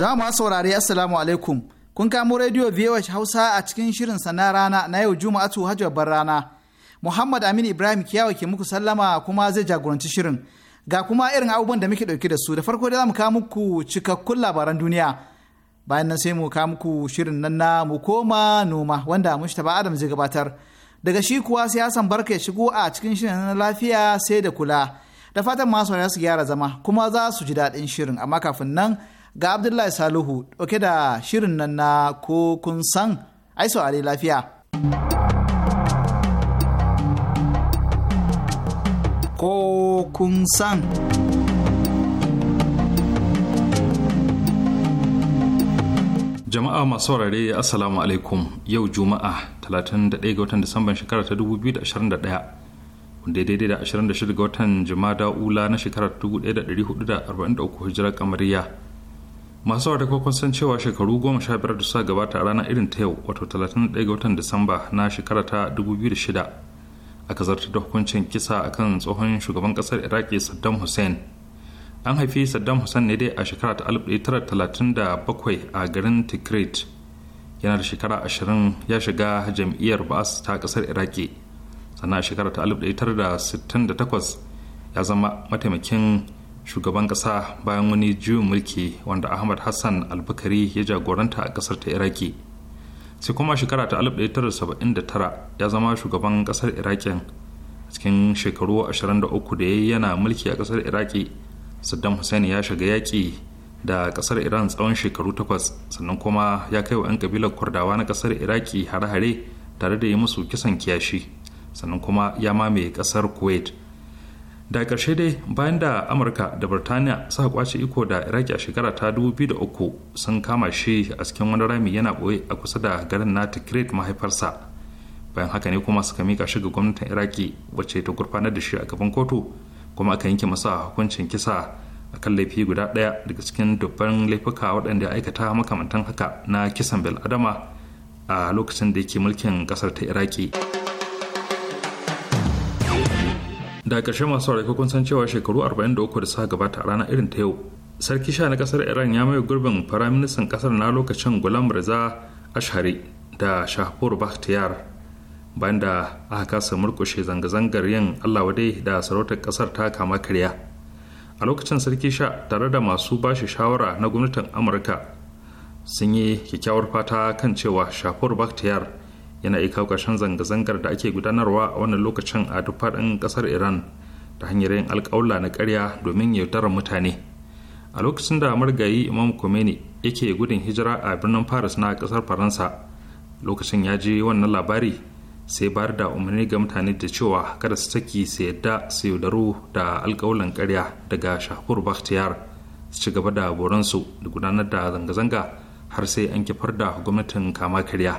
Za mu saurari Assalamu alaikum. Kun kamo rediyo VOH Hausa a cikin shirin sana rana na yau Juma'atu Hajji babbar rana. Muhammad Amin Ibrahim Kiyawa ke muku sallama kuma zai jagoranci shirin. Ga kuma irin abubuwan da muke ɗauke da su da farko dai za mu kawo muku cikakkun labaran duniya. Bayan nan sai mu kawo muku shirin nan na mu koma noma wanda Mustapha Adam zai gabatar. Daga shi kuwa siyasan Barka ya shigo a cikin shirin na lafiya sai da kula. da fatan masu wani su gyara zama kuma za su ji daɗin shirin amma kafin nan ga abdullahi saluhu ɗauke da shirin nan na ko kun san ai saurari lafiya ko kun san jama'a masu saurare assalamu alaikum yau juma'a 31 ga watan disamban shekara ta 2021 wanda daidai da 26 ga watan jumada ula na shekarar 1443 hijirar kamariya masu wata kwakwan san cewa shekaru 15 da suka gabata a ranar irin ta yau wato 31 ga watan disamba na shekara ta 2006 aka zartar da hukuncin kisa akan tsohon shugaban kasar iraki saddam hussein an haifi saddam hussein ne dai a shekara ta 1937 a garin tikrit yana da shekara 20 ya shiga jam'iyyar ba'as ta kasar iraki sannan a shekarar ta 1968 ya zama mataimakin shugaban ƙasa bayan wani juyin mulki wanda ahmad hassan albukari ya jagoranta a ƙasar ta iraki sai kuma shekara ta 1979 ya zama shugaban ƙasar a cikin shekaru 23 da ya yana mulki a ƙasar iraki saddam hussein ya shiga yaƙi da ƙasar iran tsawon shekaru takwas sannan kuma ya kai wa 'yan kabilar kurdawa na ƙasar iraki hare-hare tare da yi musu kisan kiyashi sannan kuma ya mamaye kasar kuwait da ƙarshe dai bayan da amurka da birtaniya suka kwace iko da iraki a shekara ta 2003 sun kama shi a cikin wani rami yana boye a kusa da garin na tikrit mahaifarsa bayan haka ne kuma suka mika shi ga gwamnatin iraki wacce ta gurfanar da shi a gaban kotu kuma aka yanke masa hukuncin kisa a kan laifi guda ɗaya daga cikin dubban laifuka waɗanda ya aikata makamantan haka na kisan bil'adama a lokacin da yake mulkin ƙasar ta iraki. da ƙarshe masu ko kun san cewa shekaru 43 da suka gabata a rana irin ta yau sarki sha na ƙasar iran ya mai gurbin firaministan ƙasar na lokacin gulam reza ashari da shahpur bakhtiyar bayan da aka kasa murkushe zanga-zangar yin allah wadai da sarautar ƙasar ta kama karya a lokacin sarki sha tare da masu bashi shawara na gwamnatin amurka sun yi kyakkyawar fata kan cewa shahpur bakhtiyar yana iya kawo zanga-zangar da ake gudanarwa a wannan lokacin a duk faɗin ƙasar iran ta hanyar yin alƙawla na ƙarya domin yaudarar mutane a lokacin da margayi imam khomeini yake gudun hijira a birnin paris na ƙasar faransa lokacin ya je wannan labari sai bayar da umarni ga mutane da cewa kada su saki su yadda su yaudaru da alƙawlan ƙarya daga shahur bakhtiyar su ci gaba da boransu da gudanar da zanga-zanga har sai an kifar da gwamnatin kama karya.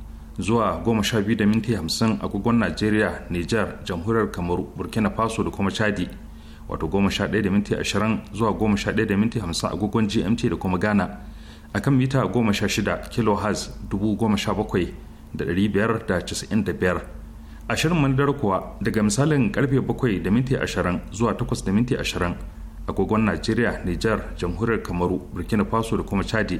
zuwa goma sha biyu da agogon najeriya niger jamhuriyar kamaru burkina faso da kuma chadi wato goma sha ɗaya da zuwa goma sha ɗaya da minti hamsin agogon gmt da kuma ghana a kan mita goma sha shida kilohertz dubu goma sha bakwai da da da biyar ashirin kuwa daga misalin karfe bakwai da minti ashirin zuwa takwas da minti agogon najeriya niger jamhuriyar kamaru burkina faso da kuma chadi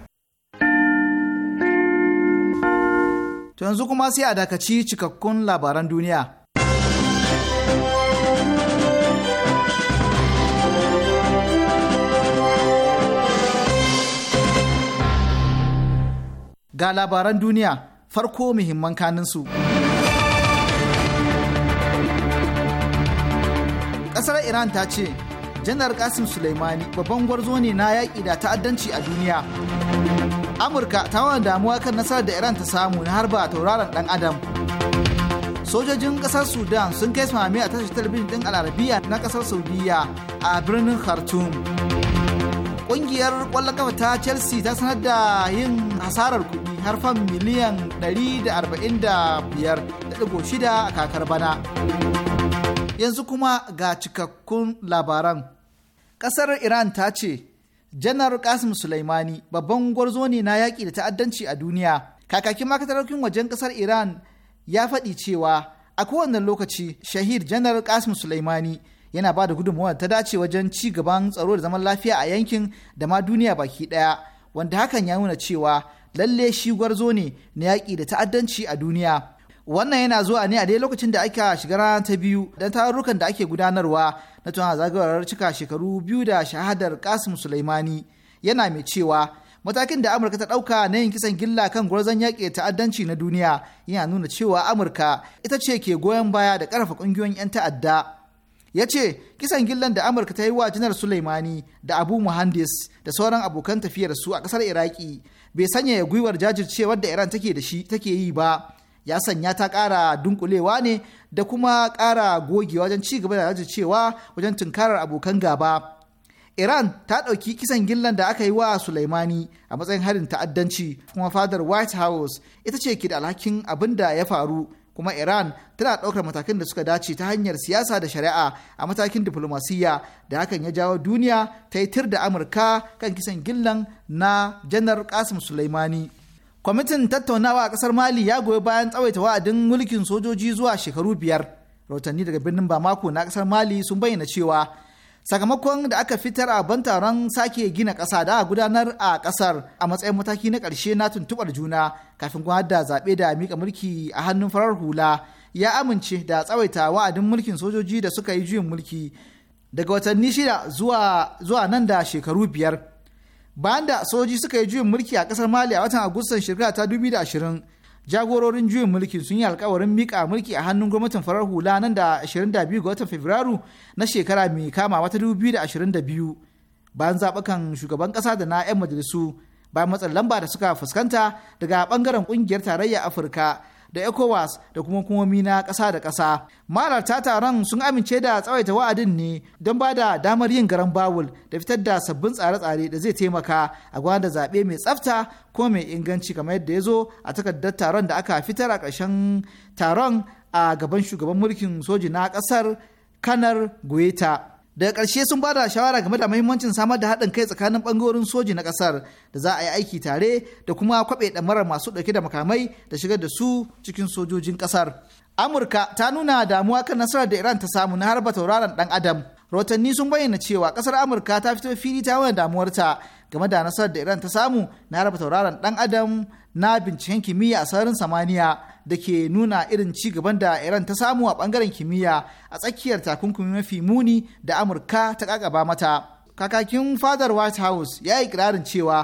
To yanzu kuma sai a dakaci cikakkun labaran duniya. Ga labaran duniya farko muhimman kaninsu. Ƙasar Iran ta ce, Janar Kasim sulaimani babban gwarzo ne na yaƙi da ta'addanci a duniya. amurka ta wani damuwa kan nasarar da iran ta samu na harba tauraron ɗan adam sojojin ƙasar sudan sun kai sami a tashar talabijin din al'arabiya na kasar saudiya a birnin khartoum Ƙungiyar kwallon kafa ta chelsea ta sanar da yin hasarar kuɗi har fan miliyan shida a kakar bana yanzu kuma ga cikakkun labaran Ƙasar iran ta ce janar kasim sulaimani babban gwarzo ne na yaƙi da ta'addanci a duniya kakakin makatarokin wajen ƙasar iran ya faɗi cewa a kowane lokaci shahid janar kasim sulaimani yana ba da gudunmawar ta dace wajen ci gaban tsaro da zaman lafiya a yankin da ma duniya baki ɗaya wanda hakan ya nuna cewa lalle shi gwarzo ne na yaƙi da ta'addanci a duniya wannan yana zuwa ne a dai lokacin da aka shiga rana ta biyu don tarurrukan da ake gudanarwa na tuna zagayowar cika shekaru biyu da shahadar kasim sulaimani yana mai cewa matakin da amurka ta ɗauka na yin kisan gilla kan gwarzon yaƙi ta'addanci na duniya yana nuna cewa amurka ita ce ke goyon baya da ƙarfa ƙungiyoyin 'yan ta'adda ya ce kisan gillan da amurka ta yi wa janar sulaimani da abu muhandis da sauran abokan tafiyar su a ƙasar iraki bai sanya gwiwar jajircewar da iran take da take yi ba ya sanya ta ƙara dunkulewa ne da kuma ƙara gogewa wajen ci gaba da cewa wajen tunkarar abokan gaba. Iran ta ɗauki kisan gillan da aka yi wa Sulaimani a matsayin harin ta'addanci kuma fadar White House ita ce ke da alhakin abin da ya faru kuma Iran tana ɗaukar matakan da suka dace ta hanyar siyasa da shari'a a matakin diflomasiyya da hakan ya jawo duniya ta yi tir da Amurka kan kisan gillan na janar kasim Sulaimani. kwamitin tattaunawa a kasar mali ya goyi bayan tsawaita wa'adin mulkin sojoji zuwa shekaru biyar rahotanni daga birnin bamako na kasar mali sun bayyana cewa sakamakon da aka fitar a ban taron sake gina ƙasa da a gudanar a ƙasar a matsayin mataki na ƙarshe na tuntuɓar juna kafin gwamnati da zaɓe da miƙa mulki a hannun farar hula ya amince da tsawaita wa'adin mulkin sojoji da suka yi juyin mulki daga watanni shida zuwa nan da shekaru biyar bayan da soji suka yi juyin mulki a kasar mali a watan agustan shekara ta 2020 jagororin juyin mulki sun yi alkawarin mika mulki a hannun gwamnatin farar hula nan da 22 ga watan fabrairu na shekara mai kama wata 2022 bayan zaɓukan shugaban ƙasa da na 'yan majalisu bayan matsalan lamba da suka fuskanta daga bangaren ƙungiyar tarayya afirka da ECOWAS da kuma hukumomi na ƙasa da ƙasa. Malarta taron sun amince da tsawaita wa'adin ne don ba da damar yin garan bawul da fitar da sabbin tsare-tsare da zai taimaka a gwada zaɓe mai tsafta ko mai inganci kamar yadda ya zo a takardar taron da aka fitar a ƙarshen taron a gaban shugaban mulkin soji na ƙasar kanar gueta daga ƙarshe sun bada shawara game da mahimmancin samar da haɗin kai tsakanin ɓangarorin soji na ƙasar da za a yi aiki tare da kuma kwaɓe ɗamarar masu ɗauke da makamai da shigar da su cikin sojojin ƙasar. Amurka ta nuna damuwa kan nasarar da Iran ta samu na harba tauraron ɗan Adam. Rotanni sun bayyana cewa ƙasar Amurka ta fito fili ta wani damuwarta game da nasarar da Iran ta samu na raba tauraron dan adam na binciken kimiyya a sararin samaniya da ke nuna irin ci gaban da Iran ta samu a bangaren kimiyya a tsakiyar takunkumi mafi muni da Amurka ta kakaba mata. Kakakin fadar White House ya yi kirarin cewa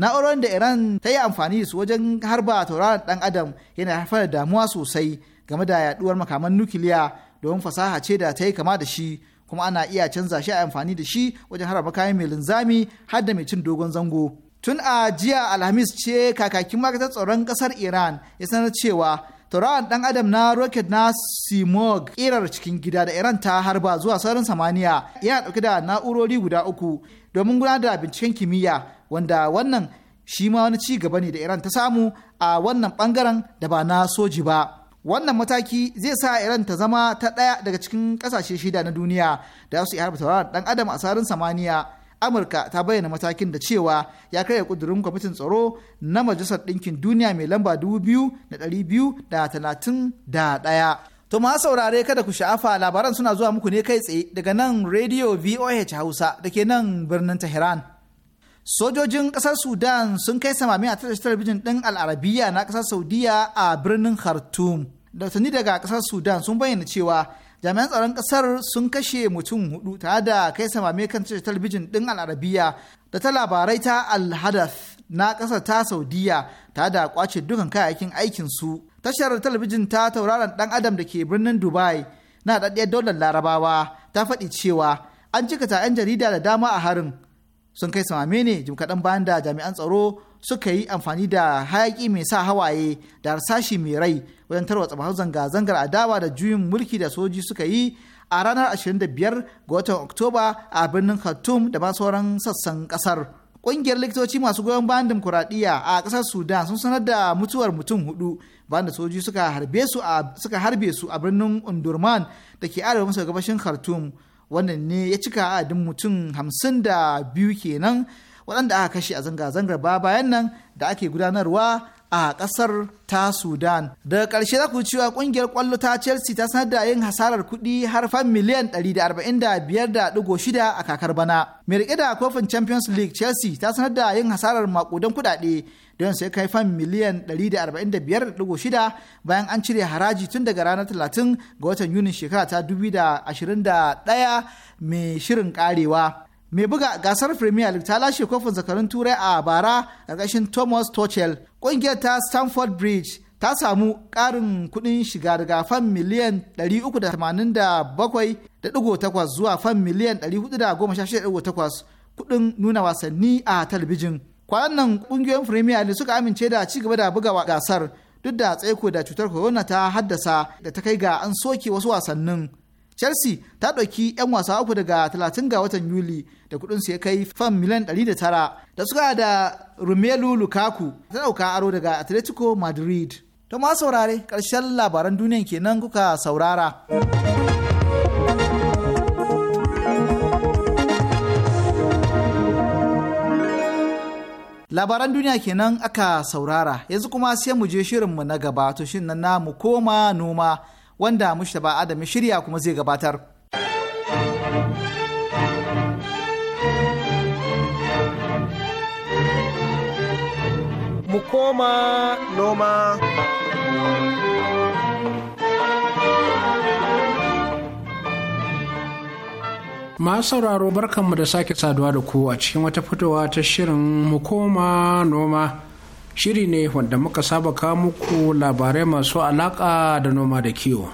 na'urar da Iran ta yi amfani su wajen harba tauraron dan adam yana haifar da damuwa sosai game da yaduwar makaman nukiliya domin fasaha ce da ta yi kama da shi kuma ana iya canza shi a amfani da shi wajen haraba kayan mai linzami har da mai cin dogon zango. Tun a jiya Alhamis ce kakakin ma'aikatar tsaron ƙasar Iran ya sanar cewa tauraron ɗan adam na roket na Simog irar cikin gida da Iran ta harba zuwa sauran samaniya yana ɗauke da na'urori guda uku domin gudanar da binciken kimiyya wanda wannan shi ma wani ci gaba ne da Iran ta samu a wannan bangaren da ba na soji ba. wannan mataki zai sa iran ta zama ta ɗaya daga cikin ƙasashe shida na duniya da su iya harba tauraron ɗan adam a sarin samaniya amurka ta bayyana matakin da cewa ya karya kudurin kwamitin tsaro na majalisar ɗinkin duniya mai lamba dubu biyu da ɗari biyu da talatin da ɗaya to ma saurare kada ku sha'afa labaran suna zuwa muku ne kai tsaye daga nan radio voh hausa da ke nan birnin tehran sojojin ƙasar sudan sun kai samami a tashar talabijin ɗin al'arabiya na ƙasar saudiya a birnin khartoum da tuni daga ƙasar sudan sun bayyana cewa jami'an tsaron ƙasar sun kashe mutum hudu tare da kai samami kan tashar talabijin ɗin al'arabiya da ta labarai ta alhadath na ƙasar ta saudiya tare da kwace dukan kayayyakin aikin su tashar talabijin ta tauraron ɗan adam da ke birnin dubai na daɗaɗɗiyar daular larabawa ta faɗi cewa an jikata 'yan jarida da dama a harin sun kai samame ne jim kaɗan bayan da jami'an tsaro suka yi amfani da hayaƙi mai sa hawaye da harsashi mai rai wajen tarwatsa masu zanga-zangar adawa da juyin mulki da soji suka yi a ranar 25 ga watan oktoba a birnin khartoum da sauran sassan ƙasar ƙungiyar likitoci masu goyon bayan dimokuraɗiyya a ƙasar sudan sun sanar da mutuwar mutum hudu bayan da soji suka harbe su a birnin undurman da ke arewa maso gabashin khartoum wannan ne ya cika adin mutum hamsin da biyu kenan waɗanda aka kashe a zanga-zangar ba bayan nan da ake gudanarwa a kasar ta Sudan. Daga karshe za ku cewa kungiyar kwallo ta Chelsea ta sanar da yin hasarar kuɗi har fan miliyan 145.6 a kakar bana. Mai rike da kofin Champions League Chelsea ta sanar da yin hasarar makudan kuɗaɗe don sai kai fan miliyan 145.6 bayan an cire haraji tun daga ranar 30 ga watan Yunin shekara ta 2021 mai shirin karewa. Mai buga gasar Premier League ta lashe kofin zakarun Turai a bara ƙarƙashin Thomas Tuchel ƙungiyar ta Stamford Bridge ta samu ƙarin kuɗin shiga daga fan miliyan 387.8 zuwa fan miliyan 416.8 kuɗin nuna wasanni a talabijin. Kwanan nan ƙungiyoyin Premier ne suka amince da ci gaba da buga gasar duk da tsaiko da cutar corona ta haddasa da ta kai ga an soke wasu wasannin. chelsea ta ɗauki 'yan wasa uku daga 30 ga watan yuli da kudin su ya kai fam miliyan 109 da suka da romelu lukaku ta ɗauka aro daga atletico madrid to ma saurare ƙarshen labaran duniyan kenan kuka saurara labaran duniya kenan aka saurara yanzu kuma sai mu je shirinmu na gaba to shin na mu koma noma wanda Mushtaba Adam shirya kuma zai gabatar. Mu koma noma. masu sauraro barkanmu da sake saduwa da ku a cikin wata fitowa ta shirin mukoma noma shiri ne wanda muka saba kawo muku labarai masu alaka da noma da kiwo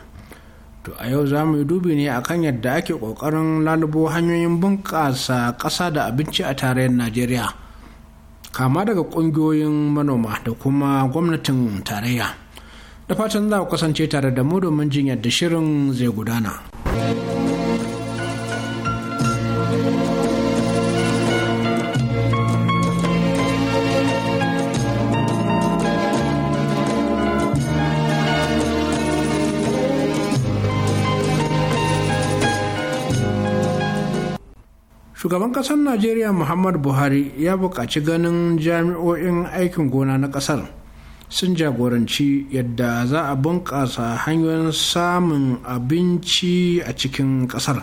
to a yau za mu yi dubi ne akan yadda ake kokarin lalubo hanyoyin bunƙasa ƙasa da abinci a tarayyar najeriya kama daga ƙungiyoyin manoma da kuma gwamnatin tarayya da fatan za ku kasance tare da mu domin jin yadda shirin zai gudana. shugaban kasar najeriya muhammad buhari ya buƙaci ganin jami'o'in aikin gona na ƙasar sun jagoranci yadda za a bunƙasa hanyoyin samun abinci a cikin ƙasar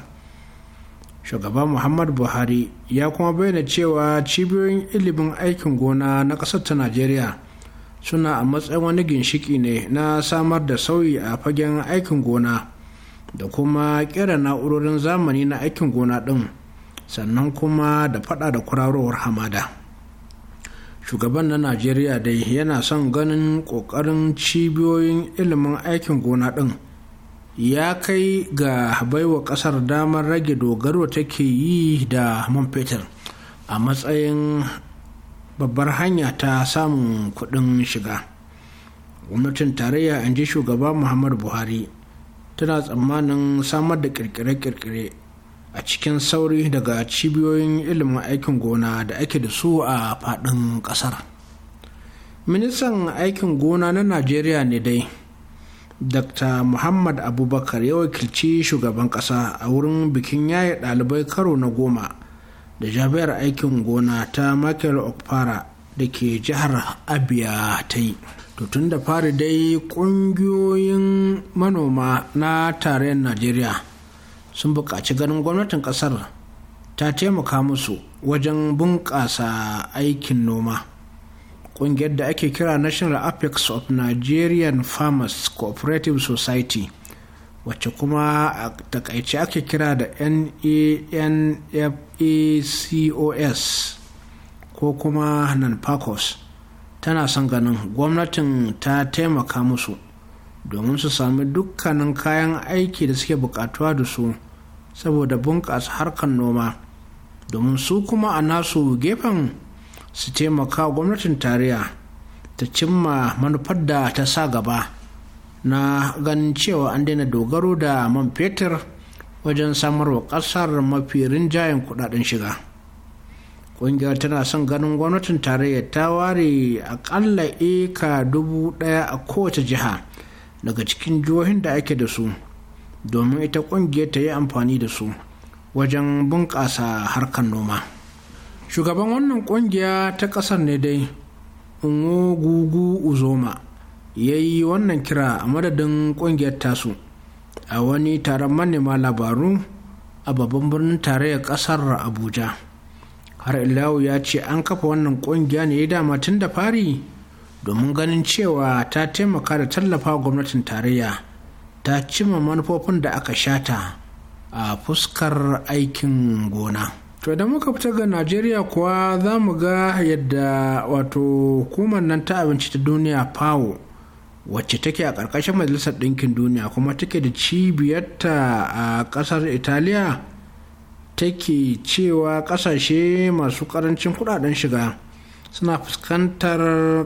shugaba muhammad buhari ya kuma bayyana cewa cibiyoyin ilimin aikin gona na ƙasar ta najeriya suna a matsayin wani ginshiki ne na samar da sauyi a fagen aikin gona da kuma ƙera na'urorin zamani na aikin gona ɗin. sannan kuma da fada da kurarowar hamada shugaban na najeriya dai yana son ganin kokarin cibiyoyin ilimin aikin gona din. ya kai ga baiwa ƙasar damar rage dogaro take yi da man fetur a matsayin babbar hanya ta samun kudin shiga gwamnatin tarayya in ji shugaba muhammadu buhari tana tsammanin samar da kirkire-kirkire a cikin sauri daga cibiyoyin ilimin aikin gona da ake da su a faɗin ƙasar ministan aikin gona na najeriya ne dai dr muhammad abubakar ya wakilci shugaban ƙasa a wurin bikin yaye ɗalibai karo na goma da jami'ar aikin gona ta michael okpara da ke jihar abia ta yi to tun da fari dai ƙungiyoyin manoma na tarayyar najeriya sun buƙaci ganin gwamnatin ƙasar ta taimaka musu wajen bunƙasa aikin noma ƙungiyar da ake kira national apex of nigerian farmers cooperative society wacce kuma a takaice ake kira da nanfacos ko kuma nanfacos tana son ganin gwamnatin ta taimaka musu domin su sami dukkanin kayan aiki da suke bukatuwa da su saboda bunƙasa harkar noma domin su kuma a nasu gefen su taimaka gwamnatin tarayya ta cimma manufar da ta sa gaba na ganin cewa an daina dogaro da man fetur wajen samarwa ƙasar mafi rinjayen kudaden shiga ƙungiyar tana son ganin gwamnatin tarayya ta ware akalla eka dubu ɗaya a kowace jiha daga cikin jihohin da ake da su domin ita ƙungiyar ta yi amfani da su wajen bunƙasa harkar noma shugaban wannan ƙungiya ta ƙasar ne dai gugu uzoma ya yi wannan kira a madadin ƙungiyar tasu a wani taron manema labaru a babban birnin tarayyar ƙasar abuja har ilawu ya ce an kafa wannan ƙungiya ne ya dama tun da fari domin ganin cewa ta taimaka da tallafa gwamnatin tarayya ta cima manufofin da aka shata a fuskar aikin gona. to idan muka fita ga najeriya kuwa za mu ga yadda wato hukumar nan ta abinci ta duniya pawo wacce take a ƙarƙashin majalisar ɗinkin duniya kuma take da cibiyarta a ƙasar italiya take cewa ƙasashe masu ƙarancin kuɗaɗen shiga suna fuskantar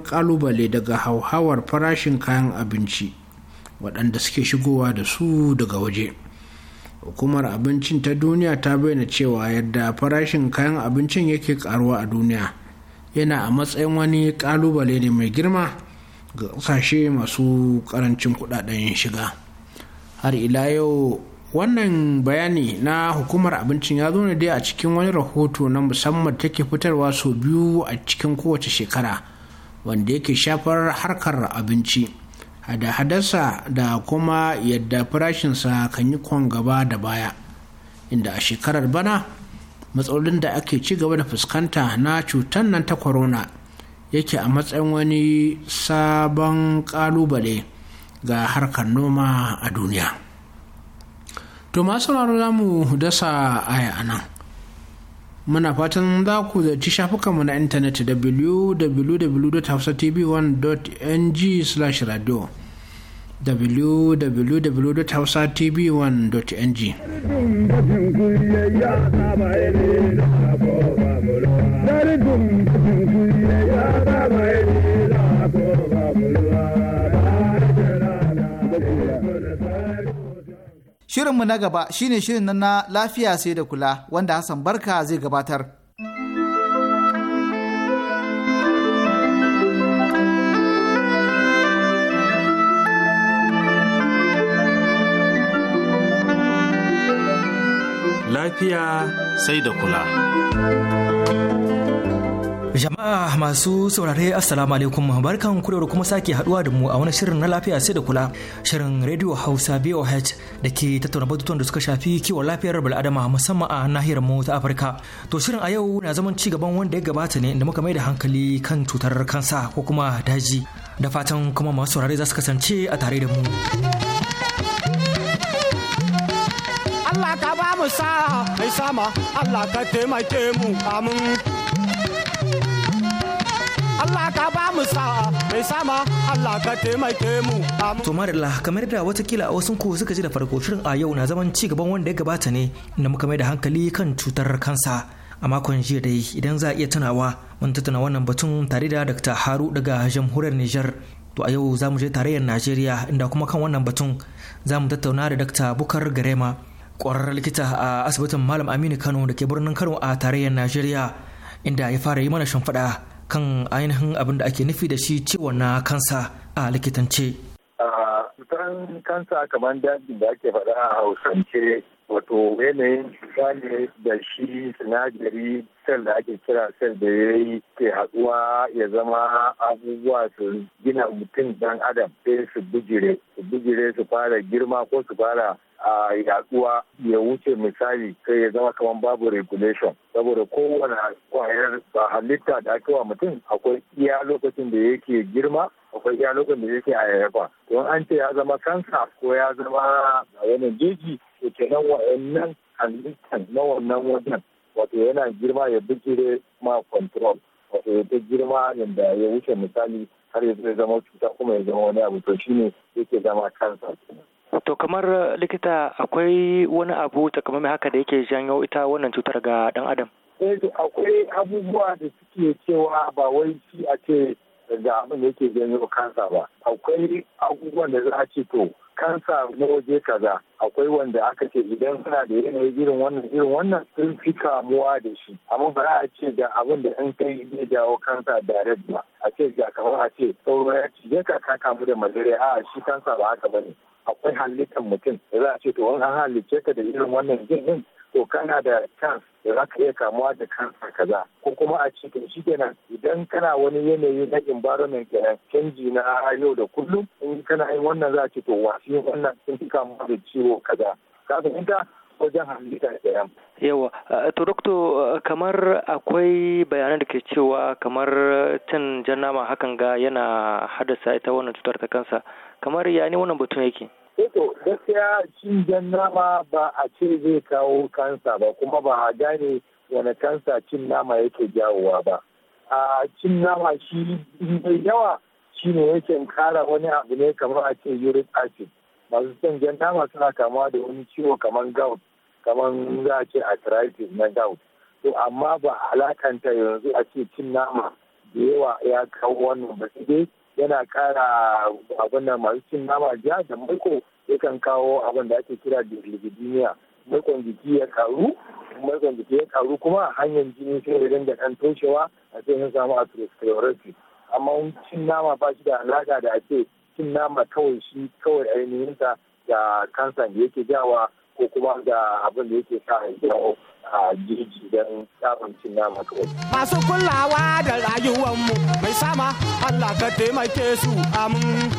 kalubale daga hauhawar farashin kayan abinci waɗanda suke shigowa da su daga waje hukumar abincin ta duniya ta bayyana cewa yadda farashin kayan abincin yake karuwa a duniya yana a matsayin wani kalubale ne mai girma ga ƙasashe masu ƙarancin kuɗaɗen shiga har ila yau wannan bayani na hukumar abincin ya zo ne dai a cikin wani rahoto na musamman take fitarwa sau biyu a cikin kowace shekara wanda yake shafar harkar abinci da hadarsa da kuma yadda farashinsa kan yi kwan gaba da baya inda a shekarar bana matsalolin da ake ci gaba da fuskanta na cutar nan ta corona yake a matsayin wani sabon kalubale ga harkar noma a duniya. To masu sauraro za mu dasa aya a nan. Muna fatan za ku zaci shafukanmu na intanet www.hausatv1.ng/radio slash www.hausatv1.ng Dari dum dum kuyi ya ba mai ni la ko ba mu Shirinmu na gaba shine shirin na lafiya sai da kula wanda Hassan Barka zai gabatar. Lafiya sai da kula. Jama'a masu saurare Assalamu alaikum barkan ku da kuma sake haduwa da mu a wani shirin na lafiya sai da kula shirin Radio Hausa BOH da ke tattauna batutuwan da suka shafi kiwon lafiyar bil'adama musamman a nahiyar mu ta Afirka. To shirin a yau na zaman ci gaban wanda ya gabata ne da muka mai da hankali kan cutar kansa ko kuma daji. Da fatan kuma masu saurare za su kasance a tare da mu. Allah ka ba mu sa mai sama Allah ka taimake mu amin. ka ba mu sa mai sama Allah ka taimake mu. To Marilla kamar da watakila a wasu ku suka ji da farko shirin a yau na zaman ci gaban wanda ya gabata ne na muka mai da hankali kan cutar kansa. A makon jiya dai idan za a iya tunawa mun tattauna wannan batun tare da Dr. Haru daga jamhuriyar niger To a yau za mu je tarayyar Najeriya inda kuma kan wannan batun za mu tattauna da Dr. Bukar Garema kwararren likita a asibitin Malam Aminu Kano da ke birnin Kano a tarayyar Najeriya inda ya fara yi mana shimfiɗa kan ainihin abin da ake nufi da shi ciwon na kansa a likitance. Cutar kansa kamar daji da ake faɗa a hausance wato yanayin cuta ne da shi sinadari sel da ake kira sel da ya yi ke haɗuwa ya zama abubuwa su gina mutum dan adam sai su bujire su bijire su fara girma ko su fara a yaduwa ya wuce misali sai ya zama kamar babu regulation saboda kowane kwayar ba halitta da ake wa mutum akwai iya lokacin da yake girma akwai iya lokacin da yake ayayyafa don an ce ya zama kansa ko ya zama wani jeji ke nan wa'annan halittan na wannan wajen wato yana girma ya bijire ma control wato ya ta girma yadda ya wuce misali har ya zama cuta kuma ya zama wani abu to shine yake zama kansa kenan To kamar eh, likita akwai wani abu takamaimai haka da yake janyo ita wannan cutar ga ɗan adam? Eh, akwai abubuwa da suke cewa ba wai shi a ce ga abin da yake janyo kansa ba. Akwai abubuwan da za a ce to kansa na waje kaza akwai wanda aka ce idan suna da yanayi irin wannan irin wannan sun fi kamuwa da shi amma ba a ce ga abin da in kai zai jawo kansa direct ba a ce ga kamar a ce sauro ya ce ka ka kamu da malaria a shi kansa ba haka bane akwai halittar mutum da za a ce to wani an halicce ka da irin wannan jin din to kana da chance da za ka iya kamuwa da kansa kaza ko kuma a ce to shi kenan idan kana wani yanayi na environment kenan canji na yau da kullum in kana yin wannan za a ce to wasu yin wannan sun fi kamuwa da ciwo kaza kafin ita wajen halitta yawa eh, to eh, kamar akwai bayanan da ke cewa kamar cin jan nama hakan ga yana haddasa ita wannan cutar ta kansa kamar ya ne wannan batun yake Eto, eh, gaskiya cin jan nama ba a ce zai kawo kansa ba kuma ba a gane wani kansa cin nama yake jawowa ba a cin nama shi mai yawa ne yake kara wani abu ne kamar a ce uric acid masu son jan nama suna kamuwa da wani ciwo kamar gout kamar za a ce arthritis na gout to amma ba alakanta yanzu a ce cin nama da yawa ya kawo wannan ba dai yana kara abin da masu cin nama ja da maiko yakan kawo abin da ake kira da lipidemia maikon jiki ya karu maikon jiki ya karu kuma hanyar jini sai ya dinga kan toshewa a sai sun samu arthritis amma cin nama ba shi da alaka da ake cin nama kawai shi kawai ainihin da ga kansa da yake jawa ko kuma ga abin da yake sa jawo a jirgin don samun cin nama kawai. Masu kulawa da rayuwanmu mai sama Allah ka taimake su amin.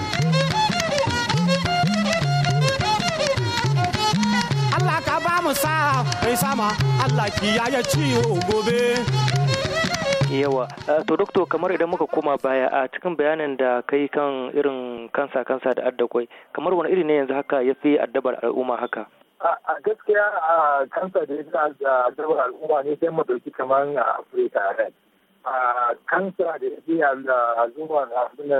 Allah ka ba mu sa mai sama Allah kiyaye ciwo gobe. yawa ah, to doctor kamar idan muka koma baya a cikin bayanin da kai kan irin kansa kansa da addakwai kamar wani iri ne yanzu haka ya fi addabar al'umma haka a gaskiya a kansa da ya fi addabar al'umma ne sai mu ɗauki kamar a afirka red a kansa da ya fi al'umma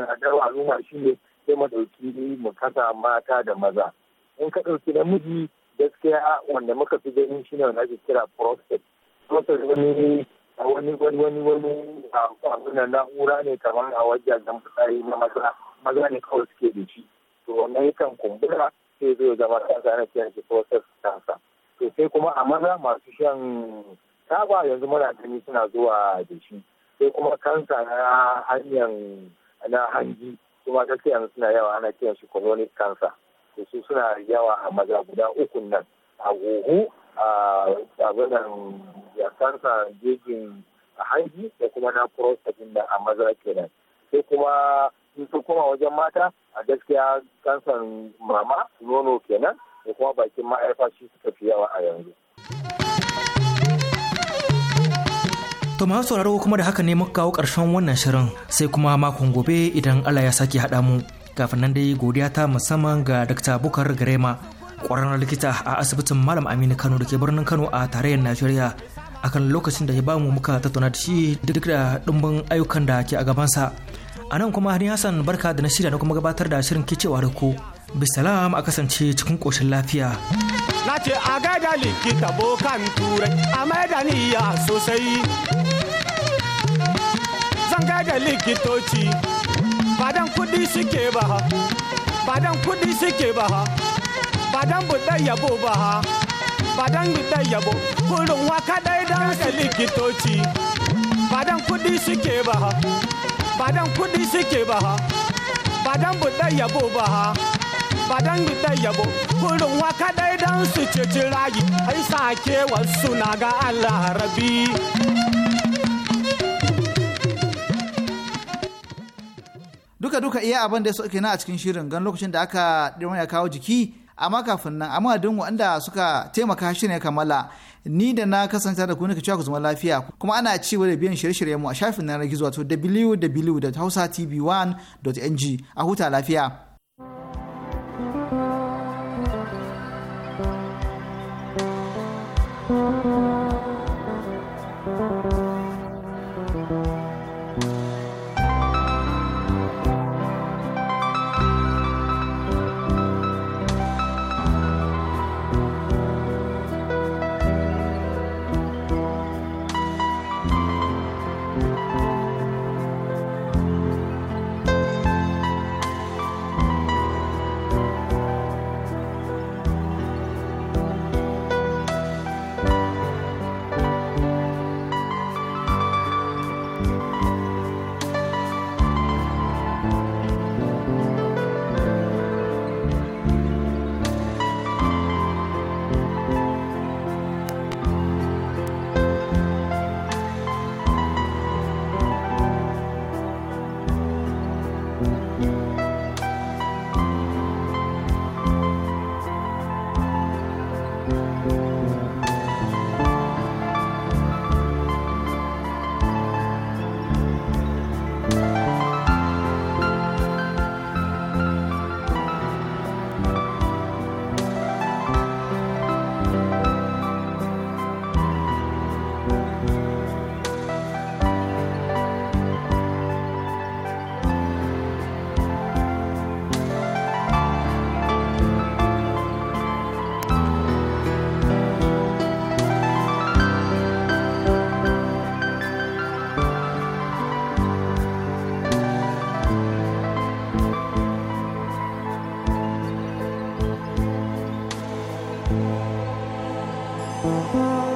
addabar al'umma shi ne sai mu ɗauki mu kasa mata da maza in ka ɗauki namiji gaskiya wanda muka fi ganin shi ne wanda ake kira prostate wata wani wani wani wani wani abunan na'ura ne kamar a wajajen fitsari na maza ne kawai suke da shi to wannan yakan kumbura sai zai zama kansa ana kiran shi process kansa to sai kuma a maza masu shan taba yanzu muna gani suna zuwa da shi sai kuma kansa na hanyar na hanji kuma gaskiya suna yawa ana kiran shi colonic cancer to su suna yawa a maza guda uku nan a huhu abinan kansa jejin a hanji da kuma na prostate da a maza kenan sai kuma in su kuma wajen mata a gaskiya kansan mama nono kenan da kuma bakin ma'aifa shi suka fi yawa a yanzu. To masu sauraro kuma da haka ne muka kawo ƙarshen wannan shirin sai kuma makon gobe idan Allah ya sake haɗa mu. Kafin nan dai godiya ta musamman ga Dr. Bukar Garema ƙwararren likita a asibitin malam aminu kano da ke birnin kano a tarayyar najeriya akan lokacin da ya ba bamu muka tattauna da shi duk da dumbin ayyukan da ke a gabansa a nan kuma hani hassan barka da na shirya na kuma gabatar da shirin kicewa da ku bisalam a kasance cikin koshin lafiya na ce a gaida likita bokan turai a maida sosai zan gaida likitoci Ba dan kudi suke ba dan kudi suke ba ba dan buɗe yabo ba ha ba dan buɗe yabo kurin waka dai dan su likitoci ba dan kuɗi suke ba ha ba dan kuɗi suke ba ha ba dan buɗe yabo ba ha ba dan buɗe yabo kurin waka dai dan su ceci rayi ai sake wasu na ga Allah rabi duka duka iya abin da ya so na a cikin shirin gan lokacin da aka ya kawo jiki amma kafin nan amma duk wanda suka taimaka shi ne kamala ni da na kasance da ku ne cewa ku zama lafiya kuma ana ci da biyan shirye-shiryen mu a shafin na gizo wato www.hausatv1.ng a huta lafiya. thank you